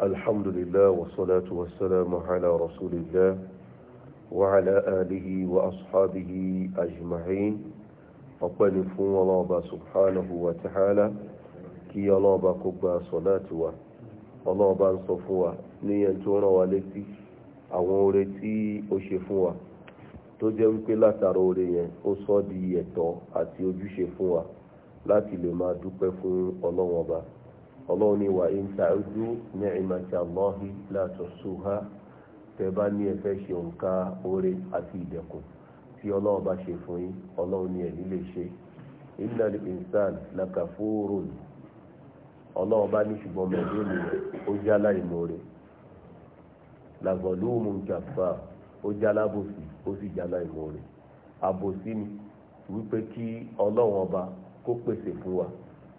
الحمد لله والصلاة والسلام على رسول الله وعلى آله وأصحابه أجمعين ọpẹ́ ni fún ọlọ́ọ̀bá subhanahu wa ta'ala kí ọlọ́ọ̀bá kó gba sọ̀láàtì wa ọlọ́ọ̀bá ń sọ fún wa ní ẹn tó rán wa létí àwọn oore tí ó ṣe fún wa tó jẹ́ wípé látara oore yẹn ó sọ di ẹ̀tọ́ àti ojúṣe fún wa láti lè máa dúpẹ́ fún ọlọ́wọ́n ọba ọlọ́run ní wà in ta'uddu ni'mata Allahi la tuhsuha bá ní ẹ ṣe òǹkà oore àti ìdẹ̀kùn tí ọlọ́run bá ṣe fún yín ọlọ́run ní ẹ̀mí lè ṣe innal insana lakafurun ọlọ́run bá ní ṣùgbọ́n ó já ó já lábòsí ó sì já àbòsí ni wípé kí kó pèsè fún wa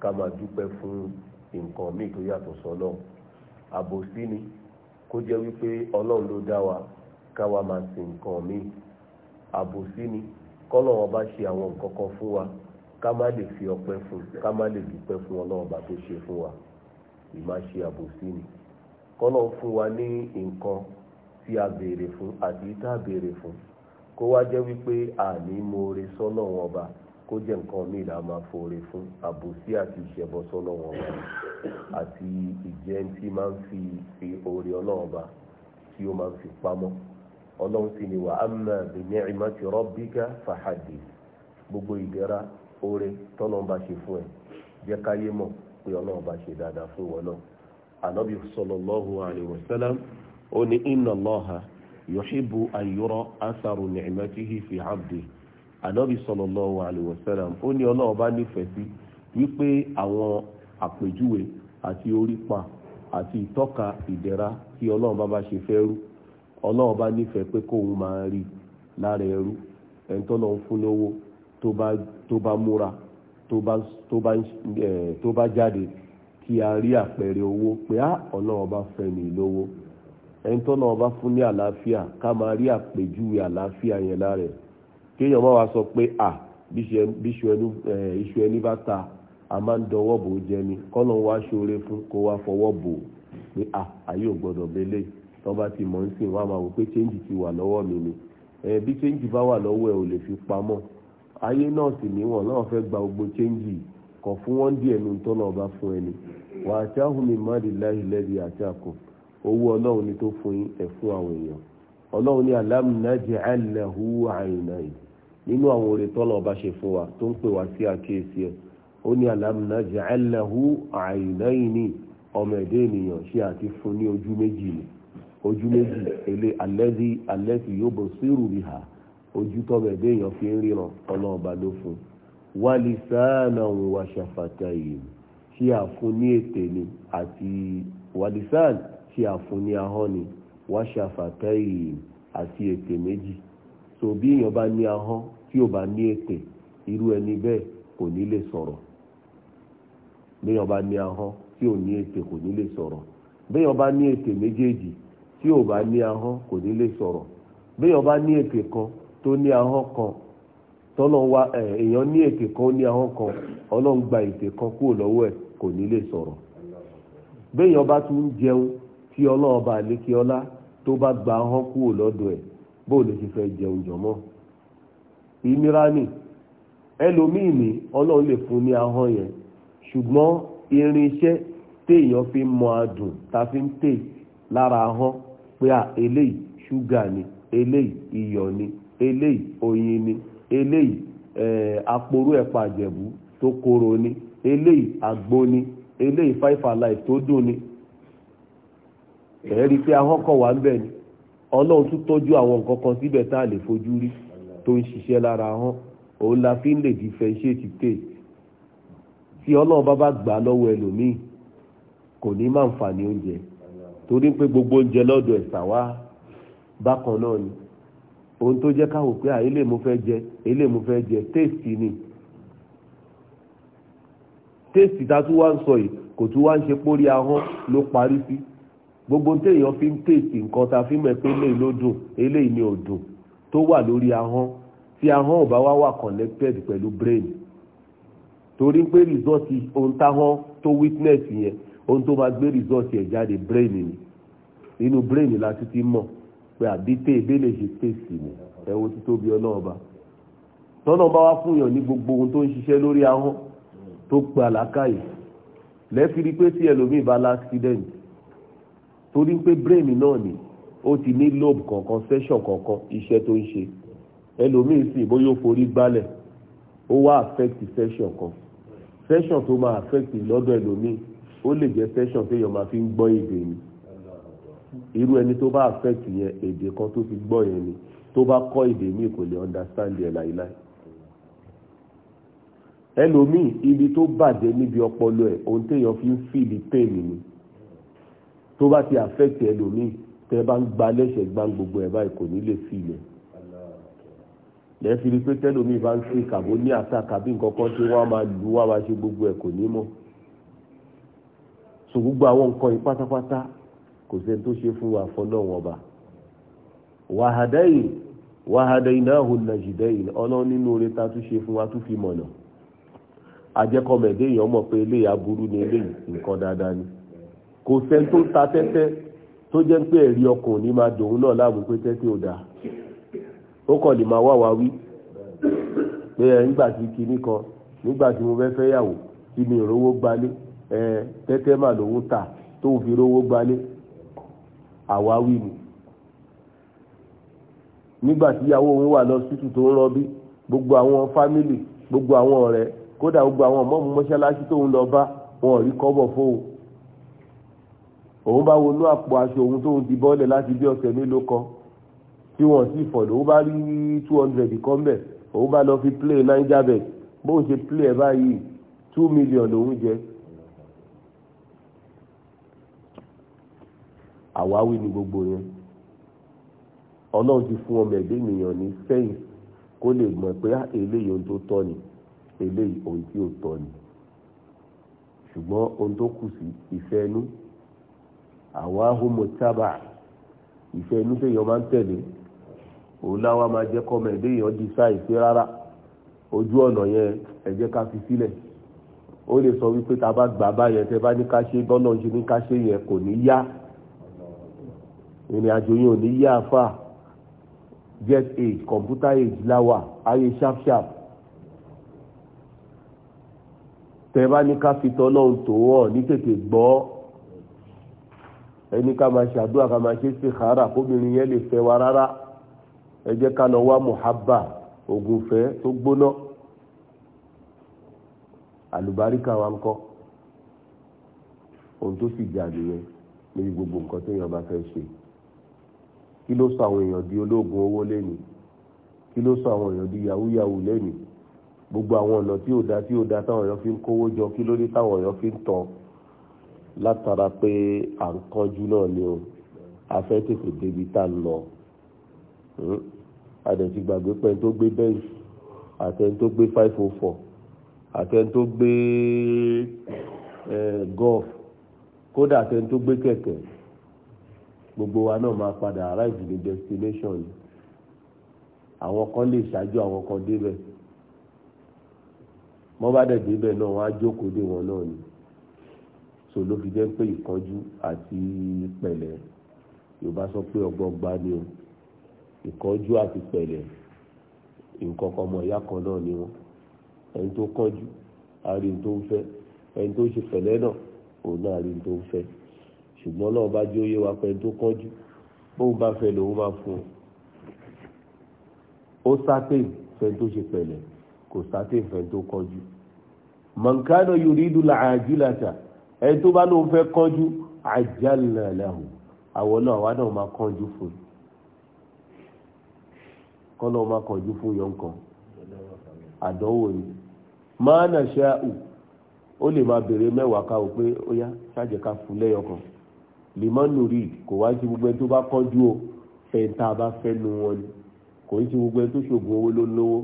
ká máa dúpẹ́ fún nǹkan míì tó yàtọ̀ sọ́lọ́run àbòsí ni kó jẹ́ wípé ọlọ́run ló dá wa káwa máa sin ṣe àwọn nǹkan kan fún wa ká má lè fi ọpẹ́ fún ká má tó ṣe fún wa ìmá àbòsí ni kọ́lọ̀ fún wa ní nǹkan tí a béèrè fún àti tá béèrè fún kó wá jẹ́ wípé àní ọba. kó jẹ́ nǹkan míì là máa foore fún àbòsí àti ìṣẹbọ sọ́nà wọn wa àti ìjẹ́ tí máa ń fi fi oore ọlọ́run ba tí fi pamọ́ ọlọ́run sì ni wà amma bi ni'mati rabbika fahaddith gbogbo ìdẹ̀ra oore tọ́lọ́run bá ṣe fún ẹ jẹ́ káyé mọ̀ pé ọlọ́run bá ṣe dáadáa fún wọn náà anabi ó ní fi ànábì sallallahu alaihi wasallam ó ní ọlọ́run bá nífẹ̀ẹ́ sí wípé àwọn àpèjúwe àti orípa àti ìtọ́ka ìdẹ̀ra tí ọlọ́run bá bá ṣe fẹ́ rú ọlọ́run bá nífẹ̀ẹ́ pé kóun máa rí lára ẹrú ẹni tó lọ́n fún lówó tó bá múra tó bá jáde kí a rí àpẹẹrẹ owó pé á ọlọ́run bá fẹ́ ní lówó ẹni tó bá fún ní àlàáfíà ká máa rí àpèjúwe àlàáfíà yẹn lára ẹ̀ kéèyàn máa wá sọ pé à iṣu ẹni bá ta a máa ń dọwọ́ bò ó jẹ ni kọ́nà wá ṣoore fún kó wá fọwọ́ bò ó pé à ayé ò gbọ́dọ̀ bẹ́lẹ̀ bá ti mọ̀ ń sìn wá máa wò pé change ti wà lọ́wọ́ mi ni bí change bá wà lọ́wọ́ ẹ ò lè fi pamọ́ ayé náà sì níwọ̀n náà gba gbogbo change kọ̀ fún wọn díẹ̀ nu ẹni wà á mi má di owó ọlọ́run ni tó fún fún àwọn èèyàn ọlọ́run nínú àwọn oore tọ́lọ̀ ọba ṣe fún wa tó ń pè wá sí àkíyèsí ẹ̀ ó ní alam naj'al lahu aynayni ọmọ ẹ̀dẹ́ ènìyàn ṣe àti fún ní ojú méjì ni ojú méjì ele alẹ́sí alẹ́sí yubsiru biha ojú tọ́mọ ẹ̀dẹ́ èèyàn fi ń ríran ọlọ́ọ̀ba ló fún wa lisanan wa shafatayn ṣe àfún ní ètè ni àti wa lisan ṣe àfún ní ahọ́n ni wa shafatayn àti ètè méjì. so bí èèyàn bá ní ahọ́n tí ò bá ní ètè irú ẹni bẹ́ẹ̀ kò ní lè sọ̀rọ̀ béèyàn bá ní ahọ́n tí ò ní ètè kò ní lè sọ̀rọ̀ béèyàn bá ní ètè méjèèjì tí ò bá ní ahọ́n kò ní lè sọ̀rọ̀ béèyàn bá ní ètè kan tó ní ahọ́n kan wa èèyàn bóòlù ṣe fẹ́ jẹun jọmọ́ ìnira ni ẹlòmíì ní ọlọ́run lè fún ní ahọ́n yẹn ṣùgbọ́n irinṣẹ́ téèyàn fi mọ adùn ta fi ń tè lára ahọ́n pé à eléyìí ṣúgà ni eléyìí iyọ̀ ni eléyìí oyin ni eléyìí aporó ẹ̀pà àjẹ̀bú tó korò ni eléyìí àgbo ni eléyìí five alive tó dùn ni ẹ̀ẹ́rí pé ahọ́n kọ̀ wá ń bẹ̀ ni ọlọ́run tún tọ́jú àwọn nǹkan kan síbẹ̀ tá a lè fojú rí tó ń ṣiṣẹ́ lára hàn òun la fi ń lè differentiate taste tí ọlọ́run bá bá gbà lọ́wọ́ ẹlòmíì kò ní máa ń fà ní oúnjẹ torí pé gbogbo oúnjẹ lọ́dọ̀ ẹ̀sà wá bákan náà ni ohun tó jẹ́ káwò pé àyè lè mú fẹ́ jẹ èyí lè mú fẹ́ jẹ téèsì ni téèsì tá a tún wá ń sọ yìí kò tún wá ń ṣe pórí ahọ́n ló parí sí gbogbo téèyàn fi ń tètè nǹkan tá a fi mọ̀ pé eléyìí ló dùn eléyìí ni ò dùn tó wà lórí ahọ́n tí ahọ́n ò bá wá wà connected pẹ̀lú brain torí pé result ohun táwọn tó witness yẹn ohun tó máa gbé result yẹn jáde brain ni inú brain la ti ti mọ̀ pé àbí tè ebéèlè ṣe tèsì ni ẹ wo títóbi ọlọ́ọ̀ba tọ́nà bá wá fún yàn ní gbogbo ohun tó ń ṣiṣẹ́ lórí ahọ́n tó gba làákàyè lẹ́fìrí pé tí ẹlòmíì bá lá accident torí pé brain náà ni ó ti ní lobe kọ̀ọ̀kan section kọ̀ọ̀kan iṣẹ́ tó ń ṣe ẹlòmíín sì bóyá ó forí gbálẹ̀ ó wá affect session kan Session, tó máa affect lọ́dọ̀ ẹlòmíín ó lè jẹ́ section téèyàn máa fi ń gbọ́ èdè ni irú ẹni tó bá affect yẹn èdè kan tó fi gbọ́ yẹn ni tó bá kọ́ èdè míì kò lè understand ẹ̀ láíláí ẹlòmíín ibi tó bàjẹ́ níbi ọpọlọ ẹ̀ ohun téèyàn fi ń fìlì pain ni tó bá ti affect ẹlòmíì tẹ́ bá ń gba lẹ́sẹ̀ gbá gbogbo ẹ̀ báyìí kò ní lè fi ilẹ̀ lẹ́ẹ̀fi rí pé tẹ́lòmíì bá ń ṣe kàbó ní àtàkà bí nǹkan kan ṣe wọ́n máa lù wọ́n á ṣe gbogbo ẹ̀ kò ní mọ̀ so gbogbo àwọn nǹkan yìí pátápátá kò sẹ́ni tó ṣe fún wa fọlọ́wọ́n ọba wàhádẹ́yìn wàhádẹ́yìnáhùn nàìjíríyìn ọlọ́run nínú oore ta tún ṣe fún wa tún fi mọ̀nà ajẹ́kọ̀mẹ̀dé èèyàn mọ̀ pé eléyìí aburú ni eléyìí nǹkan dáadáa ni kò sẹ́ni tó ta tẹ́tẹ́ tó jẹ́ pé ẹ̀rí ọkàn ní máa dòun náà láàmú pé tẹ́tẹ́ ò dáa ó kàn lè máa wá wa wí pé ẹ nígbà tí kinní kan nígbà tí mo fẹ́ fẹ́ yàwó tí mi ìrówó gbalé ẹ tẹ́tẹ́ mà lòun tà tó ń fi rówó gbalé àwáwí ni nígbà tí ìyàwó òun wà lọ sítù tó ń rọbí gbogbo àwọn fámìlì gbogbo àwọn ọ̀rẹ́ kódà gbogbo àwọn ọmọ mọ́ṣáláṣí tóun lọ bá wọn ò rí kọ́bọ̀ fóun òun bá wọnú àpò aṣọ òun tóun ti bọ́lẹ̀ láti bí ọ̀sẹ̀ mélòó kan tí wọ́n sì fọ̀ lòun bá rí two hundred kan bẹ̀ òun bá lọ fi play naija bet bóun ṣe play ẹ̀ báyìí two million lòun jẹ. àwáwí ni gbogbo yẹn ọlọ́run ti fún ọmọ ẹ̀dẹ́ ènìyàn ní sẹ́yìn kó lè mọ̀ pé ah, eléyìí ohun tó tọ́ ni eléyìí ohun tí ò tọ́ ni ṣùgbọ́n ohun tó kù sí ìfẹ́ inú àwa homo tábà ìfẹ́ inú tó yọ máa ń tẹ̀lé òun láwa máa jẹ́ kọ́mọ ẹ̀dẹ́ yẹn ọdí sáì pé rárá ojú ọ̀nà yẹn ẹ jẹ́ ká fi sílẹ̀ ó lè sọ wípé tá a bá gbà báyẹn tẹ bá ní ká ṣe bọ́nà ṣe ní ká ṣe yẹn kò ní yá ìrìn àjò yẹn ò ní yá àfà jet age computer age láwà ayé sharp sharp tẹ bá ní ká fi tọ́ náà tó ọ̀ ní tètè gbọ́ ẹni ká máa ṣàdúrà ká máa ṣe sí xara kóbìnrin yẹn lè fẹ́ wa rárá ẹ jẹ́ ká lọ wá muhabba ògùnfẹ́ tó gbóná àlùbáríkà wa ń kọ́ ohun tó sì jà nìyẹn níbi gbogbo nǹkan téèyàn bá fẹ́ ṣe kí ló sọ àwọn èèyàn di ológun owó lẹ́nu kí ló sọ àwọn èèyàn di yahoo lẹ́nu gbogbo àwọn ọ̀nà tí ò da tí ò da táwọn èèyàn fi ń kówó jọ kí ló dé táwọn èèyàn fi ń tọ́ ọ látara pé à ń kánjú náà ni o afẹ́ tètè débi tá a lọ àdẹ̀tí hmm? gbàgbé pẹ́ẹ́n tó gbé bẹ́ǹsì àtẹ́ni tó gbé five oh four àtẹ́ni tó gbé golf kódà àtẹ́ni tó gbé kẹ̀kẹ́ gbogbo wa náà máa padà arrive ní destination yìí àwọn kan lè ṣáájú àwọn kan débẹ̀ mọ́ bá débẹ̀ náà wọ́n á jókòó dé wọn náà ni so ló fi jẹ́ pé ìkánjú àti pẹ̀lẹ́ yorùbá sọ pé ọgbọgba ni o ìkánjú àti pẹ̀lẹ́ nǹkan kan ọmọ ìyá kan náà ni wọn ẹni tó kánjú àrí ní tó ń fẹ́ ẹni tó ṣe pẹ̀lẹ́ náà òun náà àrí ní tó ń fẹ́ ṣùgbọ́n náà bá jẹ́ òye wa pé ẹni tó kánjú bóun bá fẹ́ lòun máa fún un ó sátẹ̀ fẹ́ni tó ṣe pẹ̀lẹ́ kò sátẹ̀ fẹ́ni tó kánjú mọ̀nkánà yorùbá ìdúlà àjílàtà ẹni tó bá lóun fẹ́ kánjú àjálẹ̀ lẹ́hùn àwọn náà wà náà máa kánjú fún un kọ́ náà máa kánjú fún yọ̀ nǹkan àdánwò ni máa nà ṣe àù ó lè máa bèrè mẹ́wàá ká o pé ó yá ṣáàjẹ́ ká fún lẹ́yọkan lèmọ́nù rí kò wá sí gbogbo ẹni tó bá kánjú o fẹ́ǹtà bá fẹ́ nu wọn ni kò ń sí gbogbo ẹni tó ṣògùn owó ló lówó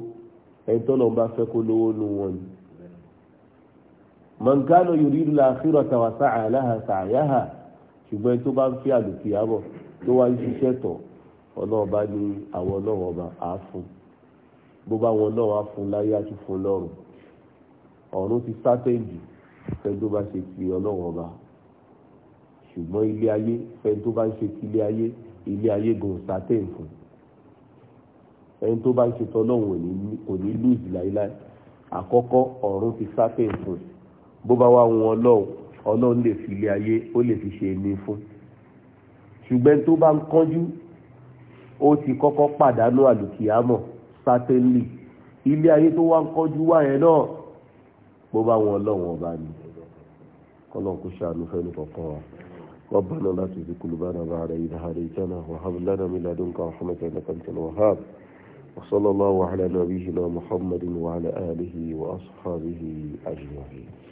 ẹni tọ́lọ́ bá fẹ́ kó lówó nu wọn ni mọ̀nkánà yuridu al-akhirata wa sa'a laha sa'yaha ṣùgbọ́n tó bá ń fi àlùkìyà bọ̀ tó wá ń ṣiṣẹ́ tọ̀ ọlọ́ọ̀bá ní àwọn ọlọ́wọ́ba á fún bó bá wọn náà á fún láyé á tún fún lọ́rùn ọ̀run ti sátẹ́ǹdì fẹ́ tó bá ṣe ti ọlọ́wọ́ba ṣùgbọ́n ilé ayé fẹ́ tó bá ń ṣe ti ilé ayé ilé ayé gan sátẹ́ǹ fún ẹni tó bá ń ṣe tọ́lọ́hùn kò ní lùzì láéláé àkọ́kọ́ ọ̀run ti sátẹ́ǹ fún un bó bá wá wọn ọlọ́run ọlọ́run lè fi ilé ayé ó lè fi ṣe èmi fún ṣùgbọ́n tó bá ń kánjú ó ti kọ́kọ́ pàdánù àlùkìyámọ̀ sátẹ́lì ilé ayé tó wá ń kánjú wá yẹn náà bó bá wọn ọlọ́run ọba ni kọ́lọ́n kó ṣàánú fẹ́ni kọ̀ọ̀kan wa ربنا لا تزغ قلوبنا بعد إذ هديتنا وهب لنا من لدنك رحمة إنك أنت الوهاب وصلى الله على نبينا محمد وعلى آله وأصحابه أجمعين